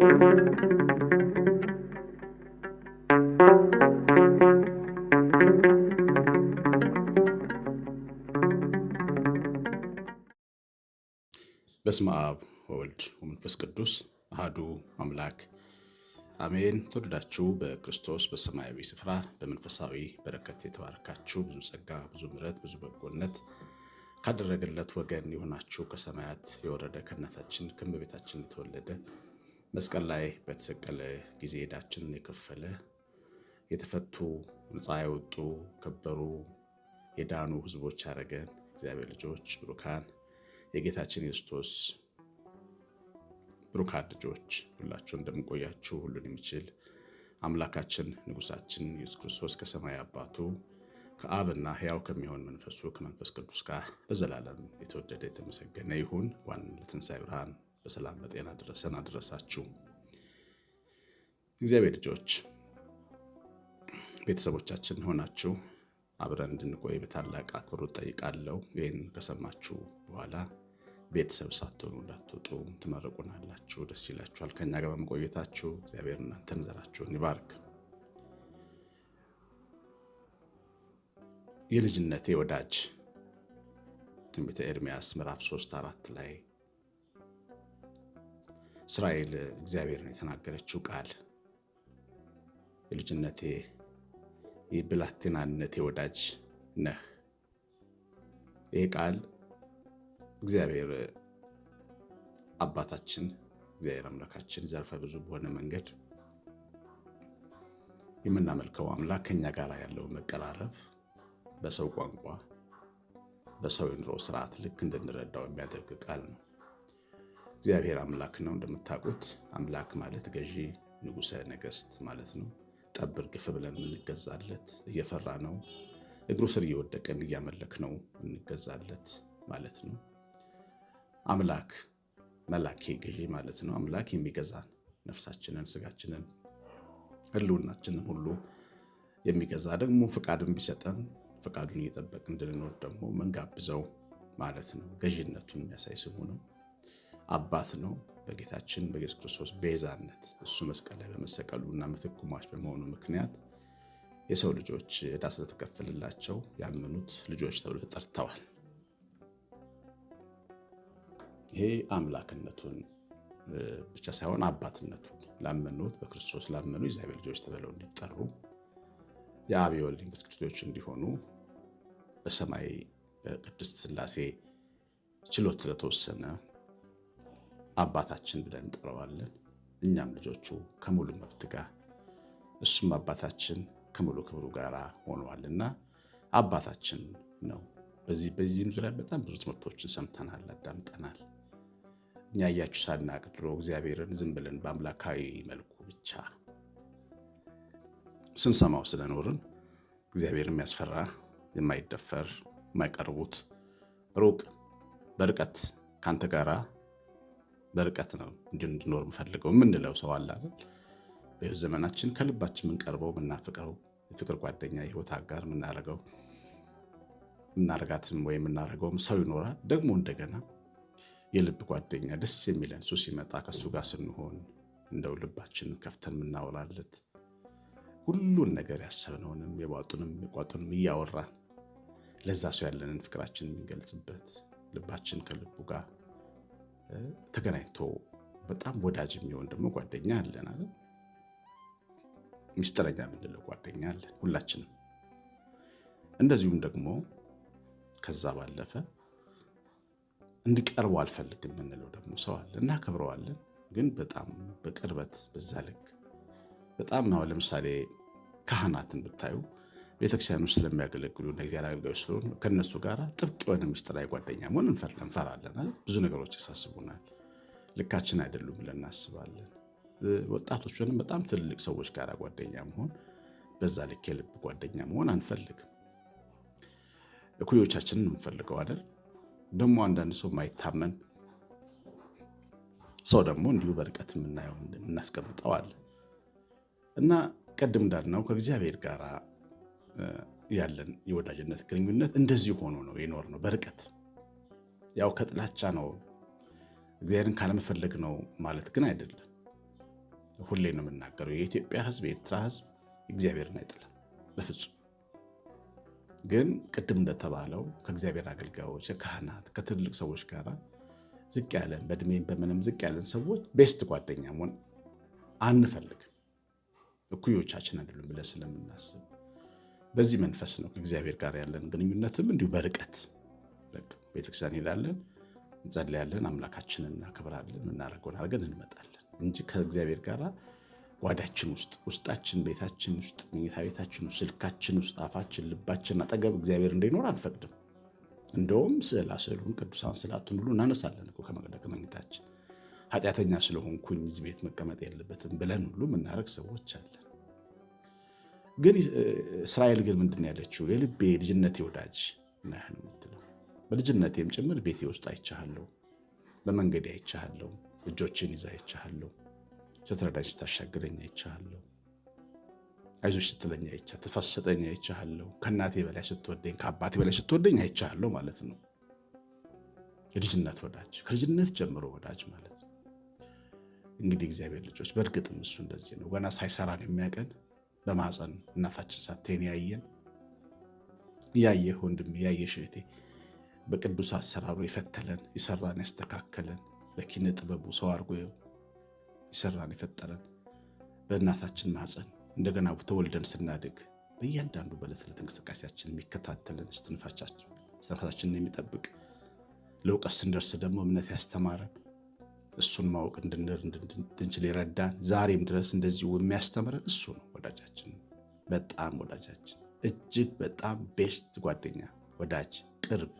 በስመ አብ ወወልድ ወመንፈስ ቅዱስ አህዱ አምላክ አሜን። ተወደዳችሁ በክርስቶስ በሰማያዊ ስፍራ በመንፈሳዊ በረከት የተባረካችሁ ብዙ ጸጋ፣ ብዙ ምሕረት፣ ብዙ በጎነት ካደረገለት ወገን የሆናችሁ ከሰማያት የወረደ ከእናታችን ከእመቤታችን የተወለደ መስቀል ላይ በተሰቀለ ጊዜ ዕዳችንን የከፈለ የተፈቱ ነፃ የወጡ ከበሩ የዳኑ ህዝቦች ያደረገን እግዚአብሔር ልጆች ብሩካን የጌታችን ክርስቶስ ብሩካን ልጆች ሁላችሁ እንደምንቆያችሁ ሁሉን የሚችል አምላካችን ንጉሳችን ኢየሱስ ክርስቶስ ከሰማይ አባቱ ከአብና ሕያው ከሚሆን መንፈሱ ከመንፈስ ቅዱስ ጋር በዘላለም የተወደደ የተመሰገነ ይሁን። ዋን ለትንሣኤ ብርሃን በሰላም በጤና ድረሰን አድረሳችሁ። እግዚአብሔር ልጆች ቤተሰቦቻችን ሆናችሁ አብረን እንድንቆይ በታላቅ አክብሮት ጠይቃለሁ። ይህን ከሰማችሁ በኋላ ቤተሰብ ሳትሆኑ እንዳትወጡ ትመርቁናላችሁ፣ ደስ ይላችኋል። ከኛ ጋር በመቆየታችሁ እግዚአብሔር እናንተን ዘራችሁን ይባርክ። የልጅነቴ ወዳጅ ትንቢተ ኤርምያስ ምዕራፍ 3 አራት ላይ እስራኤል እግዚአብሔር ነው የተናገረችው ቃል የልጅነቴ የብላቴናነቴ ወዳጅ ነህ። ይህ ቃል እግዚአብሔር አባታችን እግዚአብሔር አምላካችን ዘርፈ ብዙ በሆነ መንገድ የምናመልከው አምላክ ከኛ ጋር ያለው መቀራረብ በሰው ቋንቋ በሰው የኑሮ ስርዓት ልክ እንድንረዳው የሚያደርግ ቃል ነው። እግዚአብሔር አምላክ ነው። እንደምታውቁት አምላክ ማለት ገዢ ንጉሰ ነገስት ማለት ነው። ጠብር ግፍ ብለን እንገዛለት እየፈራ ነው። እግሩ ስር እየወደቀን እያመለክ ነው እንገዛለት ማለት ነው። አምላክ መላኬ ገዢ ማለት ነው። አምላክ የሚገዛን ነፍሳችንን፣ ስጋችንን፣ ህልውናችንን ሁሉ የሚገዛ ደግሞ ፍቃድን ቢሰጠን ፍቃዱን እየጠበቅ እንድንኖር ደግሞ መንጋብዘው ማለት ነው። ገዢነቱን የሚያሳይ ስሙ ነው። አባት ነው። በጌታችን በኢየሱስ ክርስቶስ ቤዛነት እሱ መስቀል ላይ በመሰቀሉ እና ምትኩ ሟች በመሆኑ ምክንያት የሰው ልጆች ዕዳ ስለተከፈለላቸው ያመኑት ልጆች ተብሎ ተጠርተዋል። ይሄ አምላክነቱን ብቻ ሳይሆን አባትነቱን ላመኑት በክርስቶስ ላመኑ የእግዚአብሔር ልጆች ተብለው እንዲጠሩ የአብ የወልድ መንፈስ ቅዱስ ልጆች እንዲሆኑ በሰማይ በቅድስት ሥላሴ ችሎት ስለተወሰነ አባታችን ብለን እንጠራዋለን። እኛም ልጆቹ ከሙሉ መብት ጋር እሱም አባታችን ከሙሉ ክብሩ ጋር ሆነዋልና አባታችን ነው። በዚህ በዚህም ዙሪያ በጣም ብዙ ትምህርቶችን ሰምተናል፣ አዳምጠናል። እኛ እያችሁ ሳናቅ ድሮ እግዚአብሔርን ዝም ብለን በአምላካዊ መልኩ ብቻ ስንሰማው ስለኖርን እግዚአብሔር የሚያስፈራ የማይደፈር የማይቀርቡት ሩቅ በርቀት ከአንተ ጋራ በርቀት ነው እንድንኖር የምፈልገው የምንለው ሰው አለ አይደል? ዘመናችን ከልባችን የምንቀርበው የምናፍቀው የፍቅር ጓደኛ የሕይወት አጋር የምናደርገው የምናረጋትም ወይም የምናደርገውም ሰው ይኖራል። ደግሞ እንደገና የልብ ጓደኛ ደስ የሚለን እሱ ሲመጣ ከእሱ ጋር ስንሆን እንደው ልባችንን ከፍተን የምናወራለት ሁሉን ነገር ያሰብነውንም የቧጡንም የቋጡንም እያወራን ለዛ ሰው ያለንን ፍቅራችን የምንገልጽበት ልባችን ከልቡ ጋር ተገናኝቶ በጣም ወዳጅ የሚሆን ደግሞ ጓደኛ አለን አለ ሚስጥረኛ የምንለው ጓደኛ አለን ሁላችንም። እንደዚሁም ደግሞ ከዛ ባለፈ እንዲቀርቡ አልፈልግም የምንለው ደግሞ ሰው አለ። እናከብረዋለን፣ ግን በጣም በቅርበት በዛ ልክ በጣም ለምሳሌ ካህናትን ብታዩ ቤተክርስቲያን ውስጥ ስለሚያገለግሉ እና እግዚአብሔር አገልጋዮች ስለሆኑ ከእነሱ ጋር ጥብቅ የሆነ ምስጢራዊ ጓደኛ መሆን እንፈራለን። ብዙ ነገሮች ያሳስቡናል። ልካችን አይደሉም ብለን እናስባለን። ወጣቶች ወጣቶችንም በጣም ትልልቅ ሰዎች ጋር ጓደኛ መሆን በዛ ልክ የልብ ጓደኛ መሆን አንፈልግም። እኩዮቻችንን እንፈልገው አይደል? ደግሞ አንዳንድ ሰው ማይታመን ሰው ደግሞ እንዲሁ በርቀት የምናየው አለ እና ቅድም እንዳልነው ከእግዚአብሔር ጋር ያለን የወዳጅነት ግንኙነት እንደዚህ ሆኖ ነው የኖር ነው። በርቀት ያው ከጥላቻ ነው እግዚአብሔርን ካለመፈለግ ነው ማለት ግን አይደለም። ሁሌ ነው የምናገረው የኢትዮጵያ ሕዝብ የኤርትራ ሕዝብ እግዚአብሔርን አይጥላም በፍጹም። ግን ቅድም እንደተባለው ከእግዚአብሔር አገልጋዮች፣ ከካህናት፣ ከትልቅ ሰዎች ጋር ዝቅ ያለን በእድሜም በምንም ዝቅ ያለን ሰዎች ቤስት ጓደኛ መሆን አንፈልግም። እኩዮቻችን አይደሉም ብለን ስለምናስብ በዚህ መንፈስ ነው ከእግዚአብሔር ጋር ያለን ግንኙነትም እንዲሁ በርቀት ቤተክርስቲያን ሄዳለን፣ እንጸልያለን፣ አምላካችንን እናከብራለን፣ እናደርገውን አድርገን እንመጣለን እንጂ ከእግዚአብሔር ጋር ጓዳችን ውስጥ ውስጣችን፣ ቤታችን ውስጥ፣ መኝታ ቤታችን ውስጥ፣ ስልካችን ውስጥ፣ አፋችን፣ ልባችን አጠገብ እግዚአብሔር እንዲኖር አንፈቅድም። እንደውም ስዕላ ስዕሉን ቅዱሳን ስላቱን ሁሉ እናነሳለን እኮ ከመቅደቅ መኝታችን ኃጢአተኛ ስለሆንኩኝ እዚህ ቤት መቀመጥ የለበትም ብለን ሁሉ የምናደርግ ሰዎች አለን። ግን እስራኤል ግን ምንድን ያለችው የልቤ ልጅነቴ ወዳጅ ነህ ነው የምትለው። በልጅነቴም ጭምር ቤቴ ውስጥ አይቻሃለሁ፣ በመንገድ አይቻሃለሁ፣ እጆችን ይዛ አይቻሃለሁ፣ ስትረዳኝ ስታሻግረኝ አይቻሃለሁ፣ አይዞች ስትለኝ አይቻ ትፋሰጠኝ አይቻሃለሁ፣ ከእናቴ በላይ ስትወደኝ ከአባቴ በላይ ስትወደኝ አይቻሃለሁ ማለት ነው። የልጅነት ወዳጅ ከልጅነት ጀምሮ ወዳጅ ማለት ነው። እንግዲህ እግዚአብሔር ልጆች፣ በእርግጥም እሱ እንደዚህ ነው። ገና ሳይሰራን የሚያቀን በማፀን እናታችን ሳትሄን ያየን ያየህ ወንድሜ ያየሽ እህቴ በቅዱስ አሰራሩ የፈተለን የሰራን ያስተካከለን በኪነ ጥበቡ ሰው አድርጎ የሰራን የፈጠረን በእናታችን ማፀን እንደገና ተወልደን ስናድግ በእያንዳንዱ በዕለት ዕለት እንቅስቃሴያችን የሚከታተልን ስትንፋሳችንን የሚጠብቅ ለእውቀት ስንደርስ ደግሞ እምነት ያስተማረን እሱን ማወቅ እንድንችል ይረዳን ዛሬም ድረስ እንደዚሁ የሚያስተምረን እሱ ነው። ወዳጃችን በጣም ወዳጃችን እጅግ በጣም ቤስት ጓደኛ፣ ወዳጅ፣ ቅርብ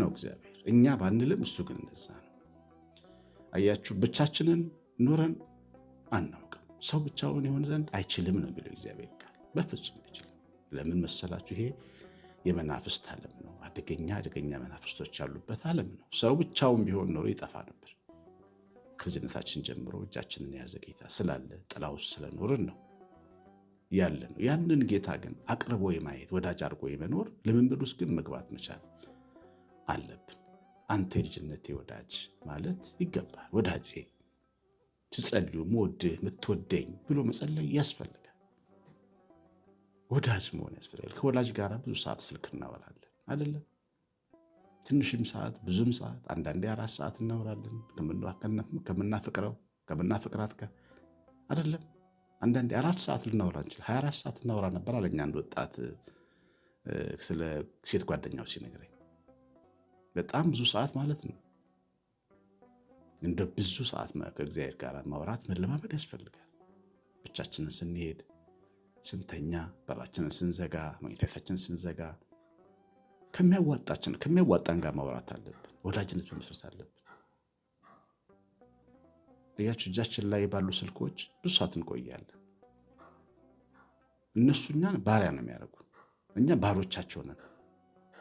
ነው እግዚአብሔር። እኛ ባንልም እሱ ግን እንደዛ ነው። አያችሁ፣ ብቻችንን ኖረን አናውቅም። ሰው ብቻውን የሆን ዘንድ አይችልም ነው የሚለው እግዚአብሔር ቃል። በፍጹም አይችልም። ለምን መሰላችሁ? ይሄ የመናፍስት ዓለም ነው። አደገኛ አደገኛ መናፍስቶች ያሉበት ዓለም ነው። ሰው ብቻውን ቢሆን ኖሮ ይጠፋ ነበር። ከልጅነታችን ጀምሮ እጃችንን የያዘ ጌታ ስላለ ጥላ ውስጥ ስለኖርን ነው ያለ ነው። ያንን ጌታ ግን አቅርቦ የማየት ወዳጅ አድርጎ የመኖር ልምምድ ውስጥ ግን መግባት መቻል አለብን። አንተ የልጅነቴ ወዳጅ ማለት ይገባል። ወዳጄ ስጸልዩ ምወድህ ምትወደኝ ብሎ መጸለይ ያስፈልጋል። ወዳጅ መሆን ያስፈልጋል። ከወላጅ ጋር ብዙ ሰዓት ስልክ እናወራለን አይደለም ትንሽም ሰዓት ብዙም ሰዓት አንዳንዴ አራት ሰዓት እናወራለን። ከምናፍቅረው ከምናፍቅራት አይደለም አንዳንዴ አራት ሰዓት ልናወራ እንችል ሀያ አራት ሰዓት እናወራ ነበር አለኝ አንድ ወጣት ስለ ሴት ጓደኛው ሲነግረኝ። በጣም ብዙ ሰዓት ማለት ነው። እንደ ብዙ ሰዓት ከእግዚአብሔር ጋር ማውራት መለማመድ ያስፈልጋል። ብቻችንን ስንሄድ ስንተኛ፣ በራችንን ስንዘጋ፣ መኝታችንን ስንዘጋ ከሚያዋጣችን ከሚያዋጣን ጋር ማውራት አለብን። ወዳጅነት መመስረት አለብን። እያችሁ እጃችን ላይ ባሉ ስልኮች ብዙ ሰዓት እንቆያለን። እነሱ እኛን ባሪያ ነው የሚያደርጉን፣ እኛ ባሮቻቸው ነን።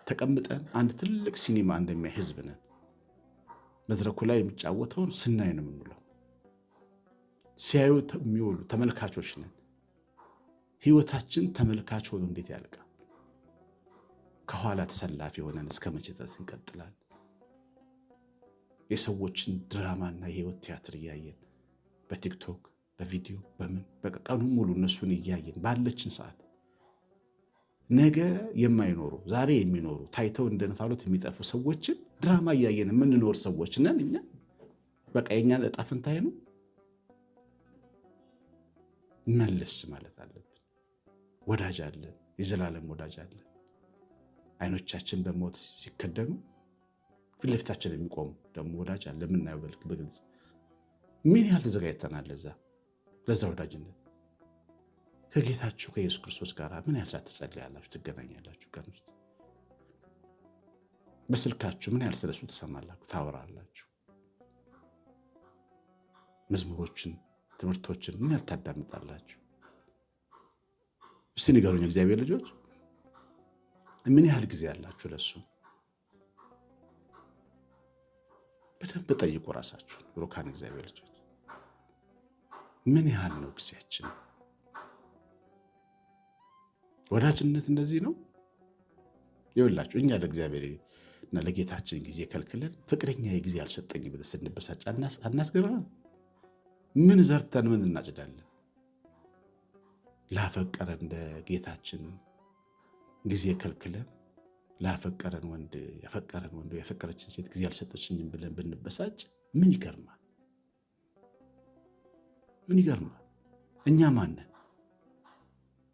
ተቀምጠን አንድ ትልቅ ሲኒማ እንደሚያይ ህዝብ ነን። መድረኩ ላይ የሚጫወተውን ስናይ ነው የምንውለው። ሲያዩ የሚውሉ ተመልካቾች ነን። ህይወታችን ተመልካች ሆኖ እንዴት ያልቃል? ከኋላ ተሰላፊ ሆነን እስከ መቼ ድረስ እንቀጥላለን? የሰዎችን ድራማና የህይወት ቲያትር እያየን በቲክቶክ በቪዲዮ በምን በቃ ሙሉ እነሱን እያየን ባለችን ሰዓት ነገ የማይኖሩ ዛሬ የሚኖሩ ታይተው እንደ እንፋሎት የሚጠፉ ሰዎችን ድራማ እያየን የምንኖር ሰዎች ነን እኛ። በቃ የኛን እጣ ፈንታ ነው መልስ ማለት አለብን። ወዳጅ አለን፣ የዘላለም ወዳጅ አለን። አይኖቻችን በሞት ሲከደኑ ፊት ለፊታችን የሚቆሙ ደግሞ ወዳጅ አለ የምናየው በግልጽ ምን ያህል ተዘጋጅተናል ለዛ ለዛ ወዳጅነት ከጌታችሁ ከኢየሱስ ክርስቶስ ጋር ምን ያህል ሰዓት ትጸልያላችሁ ትገናኛላችሁ ቀን ውስጥ በስልካችሁ ምን ያህል ስለሱ ትሰማላችሁ ታወራላችሁ መዝሙሮችን ትምህርቶችን ምን ያህል ታዳምጣላችሁ እስቲ ንገሩኝ እግዚአብሔር ልጆች ምን ያህል ጊዜ ያላችሁ ለሱ በደንብ ጠይቁ ራሳችሁን። ብሩካን እግዚአብሔር ልጆች ምን ያህል ነው ጊዜያችን? ወዳጅነት እንደዚህ ነው ይውላችሁ። እኛ ለእግዚአብሔር እና ለጌታችን ጊዜ ከልክለን ፍቅረኛ ጊዜ አልሰጠኝ ብለን ስንበሳጭ አናስገርምም? ምን ዘርተን ምን እናጭዳለን? ላፈቀረ እንደ ጌታችን ጊዜ ከልክለን ላፈቀረን ወንድ ያፈቀረን ወንድ ያፈቀረችን ሴት ጊዜ አልሰጠችኝም ብለን ብንበሳጭ ምን ይገርማል? ምን ይገርማል? እኛ ማንን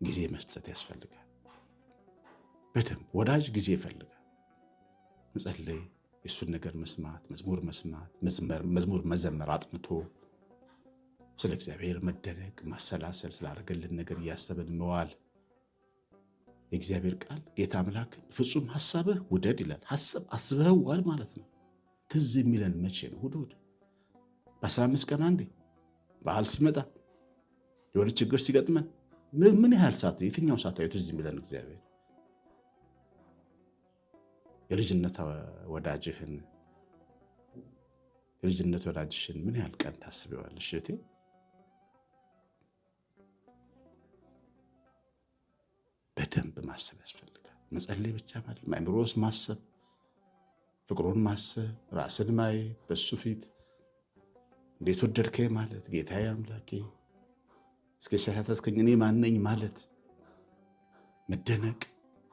ጊዜ መስጠት ያስፈልጋል። በደንብ ወዳጅ ጊዜ ይፈልጋል። መጸለይ፣ የእሱን ነገር መስማት፣ መዝሙር መስማት፣ መዝሙር መዘመር፣ አጥንቶ ስለ እግዚአብሔር መደነቅ፣ ማሰላሰል፣ ስላደረገልን ነገር እያሰብን መዋል የእግዚአብሔር ቃል ጌታ አምላክን ፍጹም ሀሳብህ ውደድ ይላል። ሀሳብ አስበህዋል ማለት ነው። ትዝ የሚለን መቼ ነው? እሑድ እሑድ በአስራ አምስት ቀን አንዴ በዓል ሲመጣ የሆነ ችግር ሲገጥመን ምን ያህል ሰዓት የትኛው ሰዓት ዩ ትዝ የሚለን እግዚአብሔር የልጅነት ወዳጅህን የልጅነት ወዳጅሽን ምን ያህል ቀን ታስቢዋለሽ እህቴ? በደንብ ማሰብ ያስፈልጋል። መጸለይ ብቻ ማለት አእምሮ ውስጥ ማሰብ፣ ፍቅሩን ማሰብ፣ ራስን ማየት፣ በሱ ፊት እንዴት ወደድከ ማለት ጌታ አምላኬ እስከ ሻታስከኝ እኔ ማነኝ ማለት መደነቅ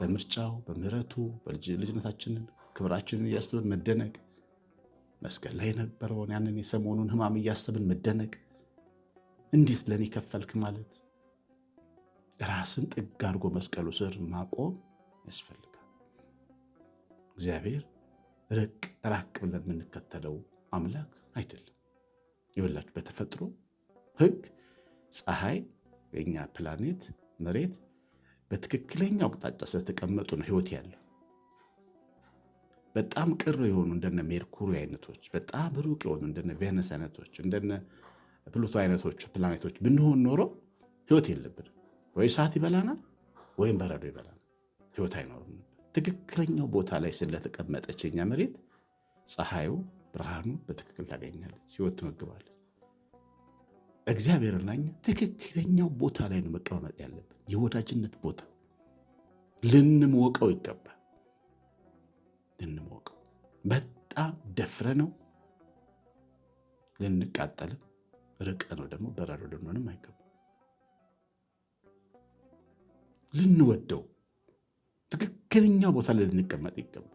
በምርጫው በምሕረቱ በልጅነታችንን ክብራችንን እያስብን መደነቅ መስቀል ላይ የነበረውን ያንን የሰሞኑን ሕማም እያስብን መደነቅ እንዴት ለእኔ ከፈልክ ማለት ራስን ጥግ አድርጎ መስቀሉ ስር ማቆም ያስፈልጋል። እግዚአብሔር ርቅ ራቅ ብለን የምንከተለው አምላክ አይደለም። ይበላችሁ በተፈጥሮ ሕግ ፀሐይ፣ የኛ ፕላኔት መሬት በትክክለኛ አቅጣጫ ስለተቀመጡ ነው ህይወት ያለው። በጣም ቅርብ የሆኑ እንደነ ሜርኩሪ አይነቶች፣ በጣም ሩቅ የሆኑ እንደነ ቬነስ አይነቶች፣ እንደነ ፕሉቶ አይነቶቹ ፕላኔቶች ብንሆን ኖሮ ህይወት የለብንም። ወይ እሳት ይበላናል ወይም በረዶ ይበላናል። ህይወት አይኖርም። ትክክለኛው ቦታ ላይ ስለተቀመጠች የኛ መሬት ፀሐዩ፣ ብርሃኑ በትክክል ታገኛለች፣ ህይወት ትመግባለች። እግዚአብሔርና እኛ ትክክለኛው ቦታ ላይ ነው መቀመጥ ያለብን። የወዳጅነት ቦታ ልንሞቀው ይገባል። ልንሞቀው በጣም ደፍረ ነው ልንቃጠልም ርቀ ነው ደግሞ በረዶ ልንሆንም አይገባል። ልንወደው ትክክለኛ ቦታ ላይ ልንቀመጥ ይገባል።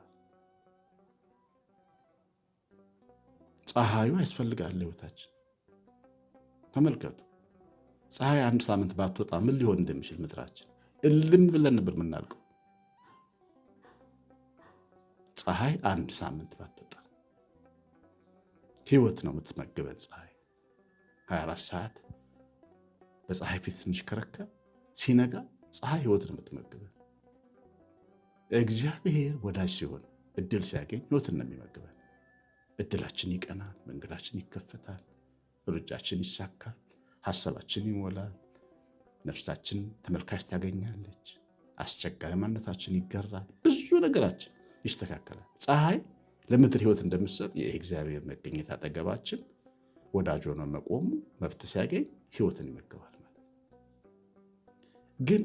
ፀሐዩ ያስፈልጋል ህይወታችን ተመልከቱ፣ ፀሐይ አንድ ሳምንት ባትወጣ ምን ሊሆን እንደሚችል ምድራችን እልም ብለን ነበር የምናልቀው። ፀሐይ አንድ ሳምንት ባትወጣ ህይወት ነው የምትመግበን። ፀሐይ 24 ሰዓት በፀሐይ ፊት ስንሽከረከር ሲነጋ ፀሐይ ህይወትን የምትመግበ እግዚአብሔር ወዳጅ ሲሆን እድል ሲያገኝ ህይወትን ነው የሚመግበን። እድላችን ይቀናል፣ መንገዳችን ይከፈታል፣ ሩጫችን ይሳካል፣ ሀሳባችን ይሞላል፣ ነፍሳችን ተመልካች ታገኛለች፣ አስቸጋሪ ማነታችን ይገራል፣ ብዙ ነገራችን ይስተካከላል። ፀሐይ ለምድር ህይወት እንደምትሰጥ የእግዚአብሔር መገኘት አጠገባችን ወዳጅ ሆኖ መቆሙ መብት ሲያገኝ ህይወትን ይመግባል ማለት ግን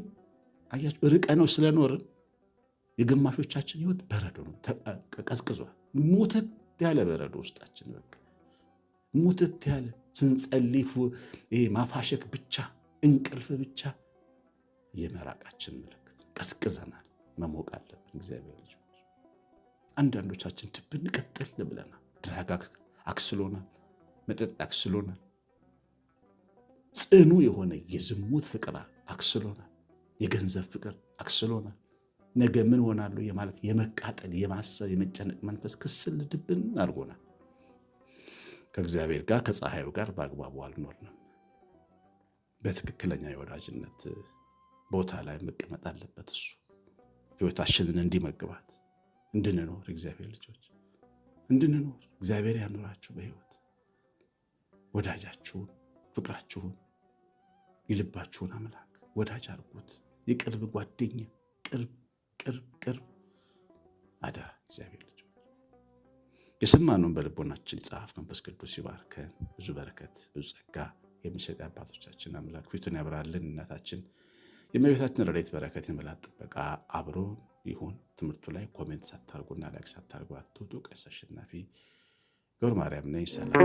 አያችሁ ርቀ ነው ስለኖርን የግማሾቻችን ህይወት በረዶ ነው፣ ቀዝቅዟል። ሞተት ያለ በረዶ ውስጣችን በቃ ሞተት ያለ ስንጸልይ ማፋሸክ ብቻ እንቅልፍ ብቻ የመራቃችን ምልክት ቀዝቅዘናል። መሞቅ አለብን። እግዚአብሔር ልጅ አንዳንዶቻችን ትብን ቀጥል ብለናል። ድራጋ አክስሎናል፣ መጠጥ አክስሎናል፣ ጽኑ የሆነ የዝሙት ፍቅር አክስሎናል። የገንዘብ ፍቅር አክስሎናል። ነገ ምን ሆናሉ የማለት የመቃጠል የማሰብ የመጨነቅ መንፈስ ክስል ድብን አድርጎናል። ከእግዚአብሔር ጋር ከፀሐዩ ጋር በአግባቡ አልኖርንም። በትክክለኛ የወዳጅነት ቦታ ላይ መቀመጥ አለበት። እሱ ህይወታችንን እንዲመግባት እንድንኖር እግዚአብሔር ልጆች እንድንኖር እግዚአብሔር ያኖራችሁ በህይወት ወዳጃችሁን፣ ፍቅራችሁን፣ የልባችሁን አምላክ ወዳጅ አድርጉት። የቅርብ ጓደኛ ቅርብ ቅርብ ቅርብ አደራ እግዚአብሔር ልጅ የሰማነውን በልቦናችን ጸሐፍ መንፈስ ቅዱስ ይባርከን። ብዙ በረከት ብዙ ጸጋ የሚሰጥ አባቶቻችን አምላክ ፊቱን ያብራልን። እናታችን የመቤታችን ረድኤት በረከት የመላት ጥበቃ አብሮ ይሁን። ትምህርቱ ላይ ኮሜንት ሳታርጉና ላይክ ሳታርጉ አትውጡ። ቀሲስ አሸናፊ ገብረ ማርያም ነኝ። ሰላም